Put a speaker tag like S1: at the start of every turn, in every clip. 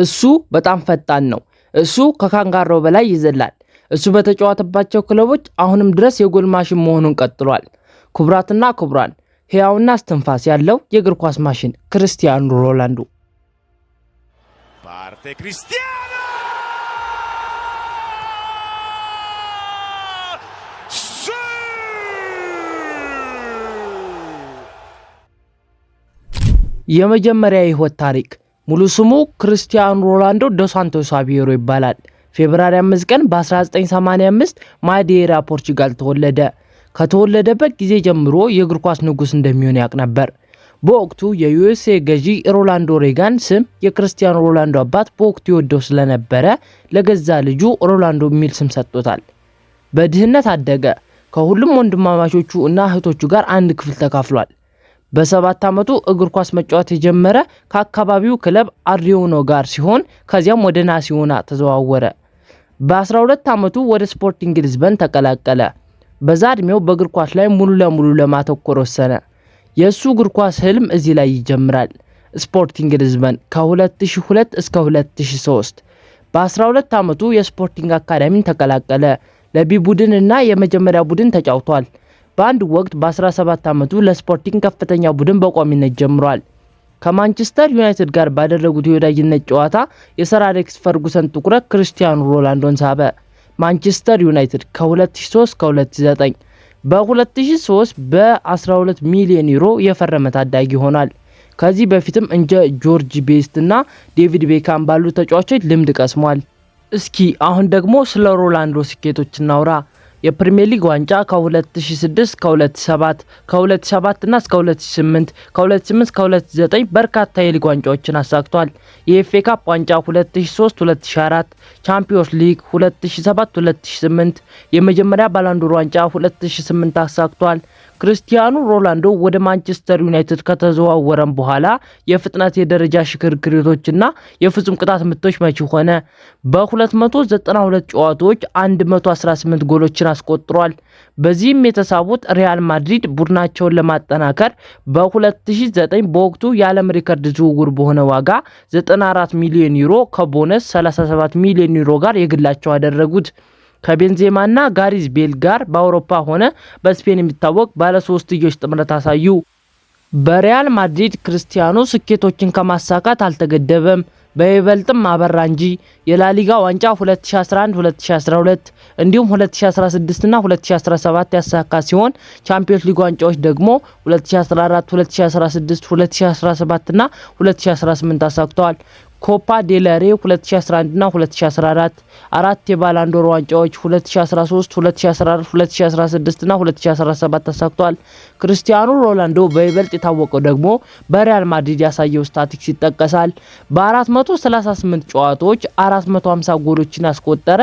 S1: እሱ በጣም ፈጣን ነው። እሱ ከካንጋሮ በላይ ይዘላል። እሱ በተጫወተባቸው ክለቦች አሁንም ድረስ የጎል ማሽን መሆኑን ቀጥሏል። ክቡራትና ክቡራን፣ ሕያውና እስትንፋስ ያለው የእግር ኳስ ማሽን ክርስቲያኑ ሮላንዱ የመጀመሪያ የህይወት ታሪክ ሙሉ ስሙ ክርስቲያን ሮላንዶ ዶሳንቶስ አቪሮ ይባላል። ፌብራሪ 5 ቀን በ1985 ማዴራ ፖርቹጋል ተወለደ። ከተወለደበት ጊዜ ጀምሮ የእግር ኳስ ንጉስ እንደሚሆን ያውቅ ነበር። በወቅቱ የዩኤስኤ ገዢ ሮላንዶ ሬጋን ስም የክርስቲያን ሮላንዶ አባት በወቅቱ ይወደው ስለነበረ ለገዛ ልጁ ሮላንዶ የሚል ስም ሰጥቶታል። በድህነት አደገ። ከሁሉም ወንድማማቾቹ እና እህቶቹ ጋር አንድ ክፍል ተካፍሏል። በሰባት ዓመቱ እግር ኳስ መጫወት የጀመረ ከአካባቢው ክለብ አሪዮኖ ጋር ሲሆን ከዚያም ወደ ናሲዮና ተዘዋወረ። በ12 ዓመቱ ወደ ስፖርቲንግ ሊዝበን ተቀላቀለ። በዛ ዕድሜው በእግር ኳስ ላይ ሙሉ ለሙሉ ለማተኮር ወሰነ። የእሱ እግር ኳስ ህልም እዚህ ላይ ይጀምራል። ስፖርቲንግ ሊዝበን ከ2002 እስከ 2003 በ12 ዓመቱ የስፖርቲንግ አካዳሚን ተቀላቀለ። ለቢ ቡድን እና የመጀመሪያ ቡድን ተጫውቷል። በአንድ ወቅት በ17 ዓመቱ ለስፖርቲንግ ከፍተኛ ቡድን በቋሚነት ጀምሯል። ከማንቸስተር ዩናይትድ ጋር ባደረጉት የወዳጅነት ጨዋታ የሰር አሌክስ ፈርጉሰን ትኩረት ክርስቲያኑ ሮላንዶን ሳበ። ማንቸስተር ዩናይትድ ከ2003 ከ2009 በ2003 በ12 ሚሊዮን ዩሮ የፈረመ ታዳጊ ሆኗል። ከዚህ በፊትም እንደ ጆርጅ ቤስት እና ዴቪድ ቤካም ባሉ ተጫዋቾች ልምድ ቀስሟል። እስኪ አሁን ደግሞ ስለ ሮላንዶ ስኬቶች እናውራ። የፕሪሚየር ሊግ ዋንጫ ከ2006 ከ2007 ከ2007 እና እስከ 2008 ከ2008 እስከ 2009 በርካታ የሊግ ዋንጫዎችን አሳክቷል። የኤፍኤ ካፕ ዋንጫ 2003 2004፣ ቻምፒዮንስ ሊግ 2007 2008፣ የመጀመሪያ ባላንዱር ዋንጫ 2008 አሳክቷል። ክርስቲያኑ ሮላንዶ ወደ ማንቸስተር ዩናይትድ ከተዘዋወረም በኋላ የፍጥነት የደረጃ ሽክርክሪቶችና የፍጹም ቅጣት ምቶች መቺ ሆነ። በ292 ጨዋታዎች 118 ጎሎችን አስቆጥሯል። በዚህም የተሳቡት ሪያል ማድሪድ ቡድናቸውን ለማጠናከር በ2009 በወቅቱ የዓለም ሪከርድ ዝውውር በሆነ ዋጋ 94 ሚሊዮን ዩሮ ከቦነስ 37 ሚሊዮን ዩሮ ጋር የግላቸው አደረጉት። ከቤንዜማና ጋሪዝ ቤል ጋር በአውሮፓ ሆነ በስፔን የሚታወቅ ባለሶስትዮሽ ጥምረት አሳዩ። በሪያል ማድሪድ ክርስቲያኖ ስኬቶችን ከማሳካት አልተገደበም፣ በይበልጥም አበራ እንጂ የላሊጋ ዋንጫ 2011-2012 እንዲሁም 2016ና 2017 ያሳካ ሲሆን ቻምፒዮንስ ሊግ ዋንጫዎች ደግሞ 2014፣ 2016፣ 2017ና 2018 አሳክተዋል። ኮፓ ዴላሬ 2011 እና 2014 አራት የባላንዶር ዋንጫዎች 2013፣ 2014፣ 2016 እና 2017 ተሳክቷል። ክርስቲያኖ ሮናልዶ በይበልጥ የታወቀው ደግሞ በሪያል ማድሪድ ያሳየው ስታቲክስ ይጠቀሳል። በ438 ጨዋታዎች 450 ጎሎችን ያስቆጠረ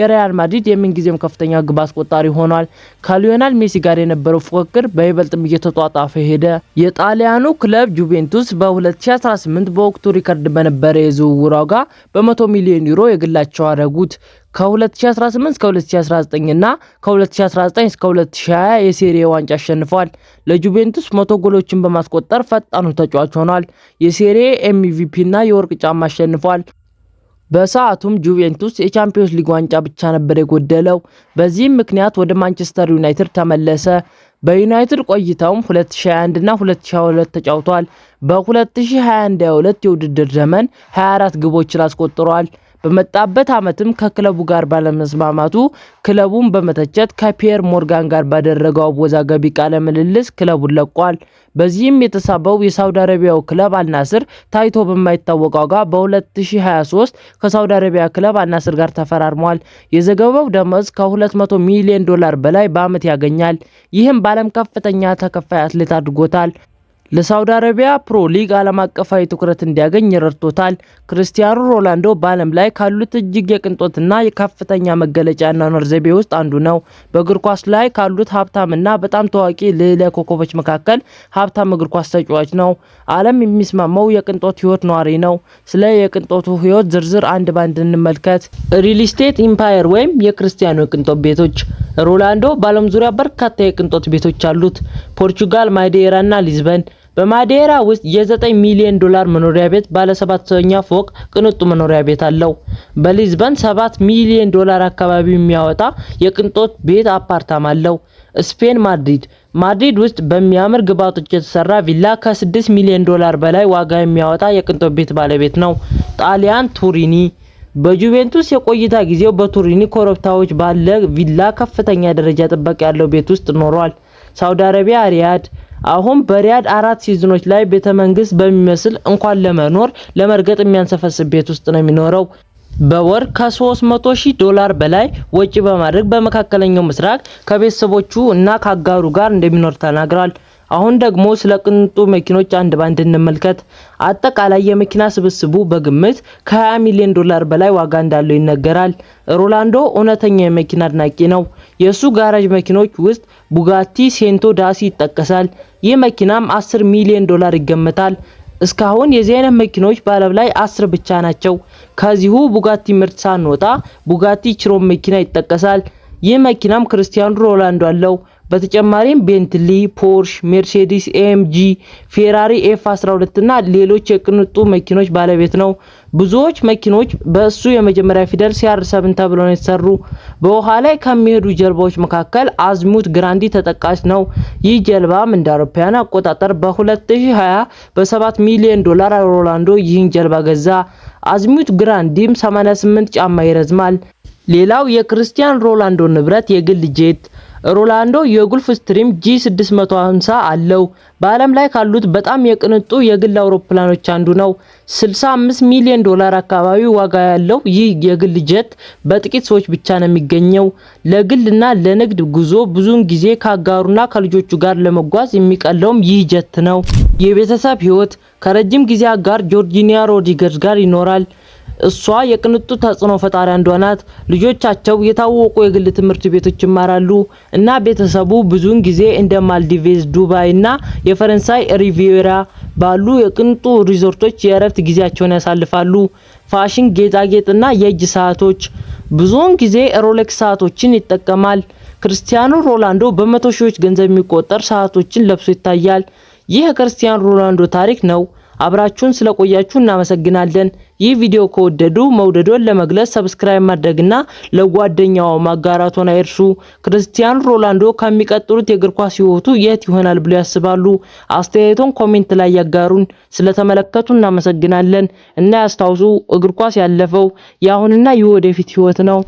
S1: የሪያል ማድሪድ የምንጊዜም ከፍተኛ ግብ አስቆጣሪ ሆኗል። ከሊዮናል ሜሲ ጋር የነበረው ፉክክር በይበልጥም እየተጧጣፈ ሄደ። የጣሊያኑ ክለብ ጁቬንቱስ በ2018 በወቅቱ ሪከርድ በነበረ የዝውውር ዋጋ በ100 ሚሊዮን ዩሮ የግላቸው አደረጉት። ከ2018 እስከ 2019 እና ከ2019 እስከ 2020 የሴሪ ዋንጫ አሸንፏል። ለጁቬንቱስ መቶ ጎሎችን በማስቆጠር ፈጣኑ ተጫዋች ሆኗል። የሴሪ ኤምቪፒ እና የወርቅ ጫማ አሸንፏል። በሰዓቱም ጁቬንቱስ የቻምፒዮንስ ሊግ ዋንጫ ብቻ ነበር የጎደለው። በዚህም ምክንያት ወደ ማንቸስተር ዩናይትድ ተመለሰ። በዩናይትድ ቆይታውም 2021 እና 2022 ተጫውቷል በ በ2021/22 የውድድር ዘመን 24 ግቦችን አስቆጥሯል በመጣበት ዓመትም ከክለቡ ጋር ባለመስማማቱ ክለቡን በመተቸት ከፒየር ሞርጋን ጋር ባደረገው አወዛጋቢ ቃለ ምልልስ ክለቡን ለቋል። በዚህም የተሳበው የሳውዲ አረቢያው ክለብ አልናስር ታይቶ በማይታወቅ ዋጋ በ2023 ከሳውዲ አረቢያ ክለብ አልናስር ጋር ተፈራርሟል። የዘገባው ደመወዝ ከ200 ሚሊዮን ዶላር በላይ በዓመት ያገኛል። ይህም በዓለም ከፍተኛ ተከፋይ አትሌት አድርጎታል። ለሳውዲ አረቢያ ፕሮ ሊግ ዓለም አቀፋዊ ትኩረት እንዲያገኝ ረድቶታል። ክርስቲያኑ ሮናልዶ በዓለም ላይ ካሉት እጅግ የቅንጦትና የከፍተኛ መገለጫ አኗኗር ዘይቤ ውስጥ አንዱ ነው። በእግር ኳስ ላይ ካሉት ሀብታምና በጣም ታዋቂ ልዕለ ኮከቦች መካከል ሀብታም እግር ኳስ ተጫዋች ነው። ዓለም የሚስማማው የቅንጦት ህይወት ነዋሪ ነው። ስለ የቅንጦቱ ህይወት ዝርዝር አንድ ባንድ እንመልከት። ሪል ስቴት ኢምፓየር ወይም የክርስቲያኑ የቅንጦት ቤቶች። ሮናልዶ በዓለም ዙሪያ በርካታ የቅንጦት ቤቶች አሉት። ፖርቹጋል፣ ማዴራና ሊዝበን በማዴራ ውስጥ የ9 ሚሊዮን ዶላር መኖሪያ ቤት ባለሰባተኛ ፎቅ ቅንጡ መኖሪያ ቤት አለው። በሊዝበን 7 ሚሊዮን ዶላር አካባቢ የሚያወጣ የቅንጦት ቤት አፓርታማ አለው። ስፔን ማድሪድ ማድሪድ ውስጥ በሚያምር ግብዓቶች የተሰራ ቪላ ከ6 ሚሊዮን ዶላር በላይ ዋጋ የሚያወጣ የቅንጦት ቤት ባለቤት ነው። ጣሊያን ቱሪኒ በጁቬንቱስ የቆይታ ጊዜው በቱሪኒ ኮረብታዎች ባለ ቪላ ከፍተኛ ደረጃ ጥበቃ ያለው ቤት ውስጥ ኖሯል። ሳውዲ አረቢያ ሪያድ አሁን በሪያድ አራት ሲዝኖች ላይ ቤተ መንግስት በሚመስል እንኳን ለመኖር ለመርገጥ የሚያንሰፈስብ ቤት ውስጥ ነው የሚኖረው። በወር ከ300 ሺህ ዶላር በላይ ወጪ በማድረግ በመካከለኛው ምስራቅ ከቤተሰቦቹ እና ከአጋሩ ጋር እንደሚኖር ተናግሯል። አሁን ደግሞ ስለ ቅንጡ መኪኖች አንድ ባንድ እንመልከት። አጠቃላይ የመኪና ስብስቡ በግምት ከ20 ሚሊዮን ዶላር በላይ ዋጋ እንዳለው ይነገራል። ሮላንዶ እውነተኛ የመኪና አድናቂ ነው። የእሱ ጋራዥ መኪኖች ውስጥ ቡጋቲ ሴንቶ ዳሲ ይጠቀሳል። ይህ መኪናም 10 ሚሊዮን ዶላር ይገመታል። እስካሁን የዚህ አይነት መኪኖች በዓለም ላይ አስር ብቻ ናቸው። ከዚሁ ቡጋቲ ምርት ሳንወጣ ቡጋቲ ችሮም መኪና ይጠቀሳል። ይህ መኪናም ክርስቲያኖ ሮላንዶ አለው። በተጨማሪም ቤንትሊ፣ ፖርሽ፣ ሜርሴዲስ ኤምጂ፣ ፌራሪ ኤፍ 12 እና ሌሎች የቅንጡ መኪኖች ባለቤት ነው። ብዙዎች መኪኖች በእሱ የመጀመሪያ ፊደል ሲአር ሰብን ተብለው ነው የተሰሩ። በውሃ ላይ ከሚሄዱ ጀልባዎች መካከል አዝሙት ግራንዲ ተጠቃሽ ነው። ይህ ጀልባም እንደ አውሮፓውያን አቆጣጠር በ2020 በ7 ሚሊዮን ዶላር ሮላንዶ ይህን ጀልባ ገዛ። አዝሙት ግራንዲም 88 ጫማ ይረዝማል። ሌላው የክርስቲያን ሮላንዶ ንብረት የግል ጄት ሮላንዶ የጉልፍ ስትሪም G650 አለው። በዓለም ላይ ካሉት በጣም የቅንጡ የግል አውሮፕላኖች አንዱ ነው። 65 ሚሊዮን ዶላር አካባቢ ዋጋ ያለው ይህ የግል ጀት በጥቂት ሰዎች ብቻ ነው የሚገኘው። ለግልና ለንግድ ጉዞ ብዙውን ጊዜ ከአጋሩና ከልጆቹ ጋር ለመጓዝ የሚቀለውም ይህ ጀት ነው። የቤተሰብ ህይወት ከረጅም ጊዜ አጋር ጆርጂኒያ ሮድሪገዝ ጋር ይኖራል። እሷ የቅንጡ ተጽዕኖ ፈጣሪ አንዷ ናት። ልጆቻቸው የታወቁ የግል ትምህርት ቤቶች ይማራሉ እና ቤተሰቡ ብዙውን ጊዜ እንደ ማልዲቬዝ፣ ዱባይ እና የፈረንሳይ ሪቪዬራ ባሉ የቅንጡ ሪዞርቶች የእረፍት ጊዜያቸውን ያሳልፋሉ። ፋሽን፣ ጌጣጌጥ እና የእጅ ሰዓቶች ብዙውን ጊዜ ሮሌክስ ሰዓቶችን ይጠቀማል። ክርስቲያኖ ሮላንዶ በመቶ ሺዎች ገንዘብ የሚቆጠር ሰዓቶችን ለብሶ ይታያል። ይህ የክርስቲያኖ ሮላንዶ ታሪክ ነው። አብራችሁን ስለቆያችሁ እናመሰግናለን። ይህ ቪዲዮ ከወደዱ መውደዶን ለመግለጽ ሰብስክራይብ ማድረግና ለጓደኛው ማጋራቶን አይርሱ። ክርስቲያን ሮናልዶ ከሚቀጥሉት የእግር ኳስ ህይወቱ የት ይሆናል ብሎ ያስባሉ? አስተያየቶን ኮሜንት ላይ ያጋሩን። ስለተመለከቱ እናመሰግናለን እና ያስታውሱ፣ እግር ኳስ ያለፈው የአሁንና የወደፊት ህይወት ነው።